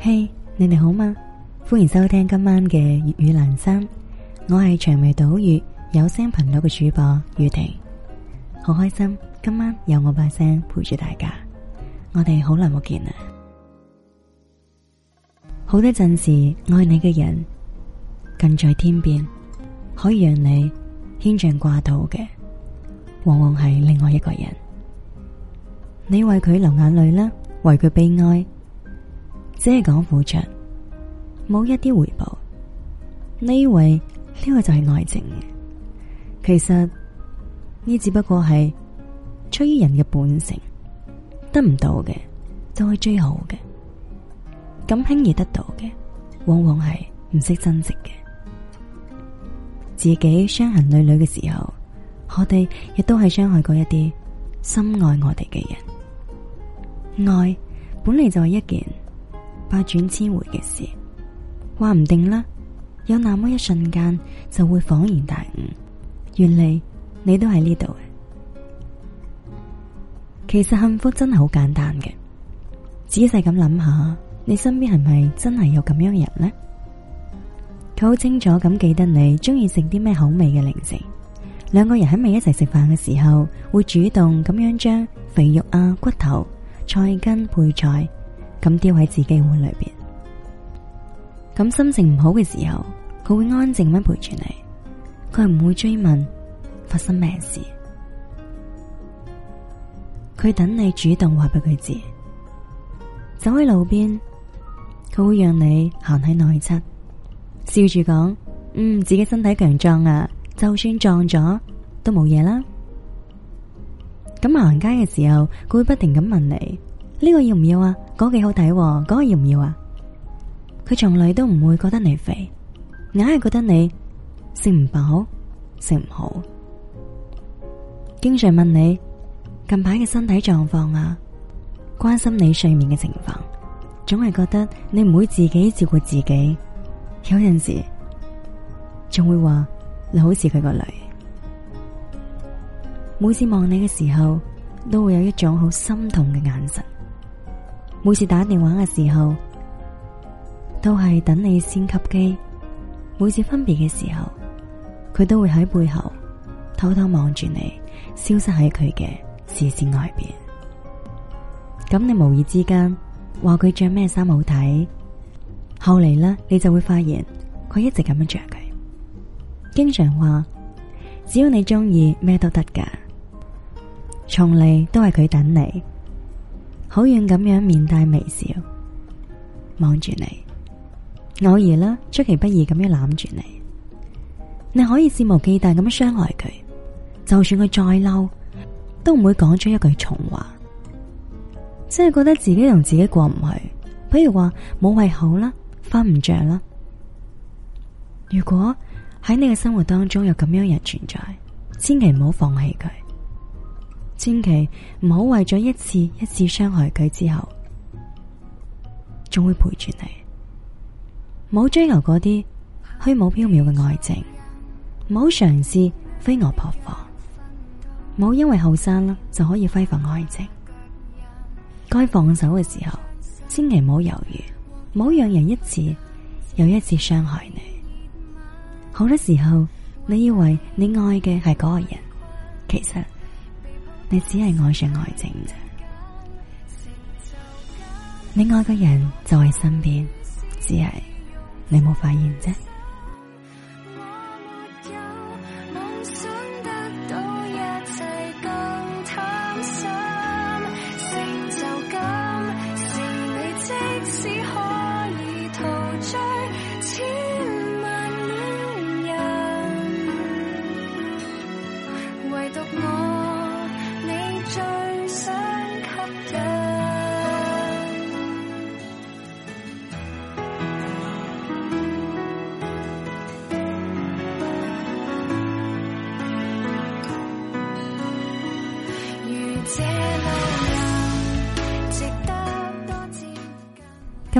嘿，hey, 你哋好嗎？歡迎收聽今晚嘅粵語闌珊，我係長眉島嶼有聲頻道嘅主播雨婷，好開心今晚有我把聲陪住大家，我哋好耐冇見啦。好多陣時，愛你嘅人近在天邊，可以讓你牽腸掛肚嘅，往往係另外一個人。你為佢流眼淚啦，為佢悲哀。只係講付出，冇一啲回報。呢位，呢個就係愛情？其實呢，只不過係出於人嘅本性。得唔到嘅就係最好嘅，咁輕易得到嘅，往往係唔識珍惜嘅。自己傷痕累累嘅時候，我哋亦都係傷害過一啲深愛我哋嘅人。愛本嚟就係一件。百轉千回嘅事，話唔定啦，有那麼一瞬間就會恍然大悟，原嚟你都喺呢度嘅。其實幸福真係好簡單嘅，仔細咁諗下，你身邊係咪真係有咁樣嘅人呢？佢好清楚咁記得你中意食啲咩口味嘅零食，兩個人喺未一齊食飯嘅時候，會主動咁樣將肥肉啊、骨頭、菜根配菜。咁丟喺自己碗裏邊。咁心情唔好嘅時候，佢會安靜咁陪住你，佢唔會追問發生咩事。佢等你主動話俾佢知。走喺路邊，佢會讓你行喺內側，笑住講：嗯，自己身體強壯啊，就算撞咗都冇嘢啦。咁行街嘅時候，佢會不停咁問你。呢個要唔要啊？嗰幾好睇喎，嗰個要唔要啊？佢從來都唔會覺得你肥，硬係覺得你食唔飽、食唔好，經常問你近排嘅身體狀況啊，關心你睡眠嘅情況，總係覺得你唔會自己照顧自己，有陣時仲會話你好似佢個女，每次望你嘅時候都會有一種好心痛嘅眼神。每次打電話嘅時候，都係等你先吸機；每次分別嘅時候，佢都會喺背後偷偷望住你，消失喺佢嘅視線外邊。咁你無意之間話佢着咩衫好睇，後嚟呢，你就會發現佢一直咁樣着佢，經常話只要你中意咩都得噶，從嚟都係佢等你。好遠咁樣面帶微笑望住你，偶爾啦，出其不意咁樣攬住你，你可以肆無忌憚咁樣傷害佢，就算佢再嬲，都唔會講出一句重話。即係覺得自己同自己過唔去，譬如話冇胃口啦，瞓唔着啦。如果喺你嘅生活當中有咁樣嘅人存在，千祈唔好放棄佢。千祈唔好為咗一次一次傷害佢之後，仲會陪住你。唔好追求嗰啲虛無縹緲嘅愛情，唔好嘗試飛蛾撲火，唔好因為後生啦就可以揮霍愛情。該放手嘅時候，千祈唔好猶豫，唔好讓人一次又一次傷害你。好多時候，你以為你愛嘅係嗰個人，其實。你只係愛上愛情啫，你愛嘅人就係身邊，只係你冇發現啫。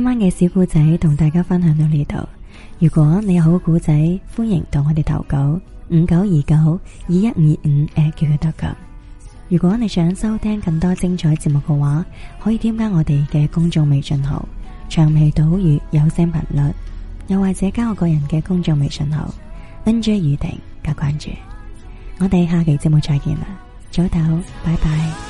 今晚嘅小故仔同大家分享到呢度。如果你有好故仔，歡迎同我哋投稿五九二九二一二五誒，叫佢得噶。如果你想收聽更多精彩節目嘅話，可以添加我哋嘅公眾微信號長尾島嶼有聲頻率，又或者加我個人嘅公眾微信號 N J 雨婷加關注。我哋下期節目再見啦，早唞，拜拜。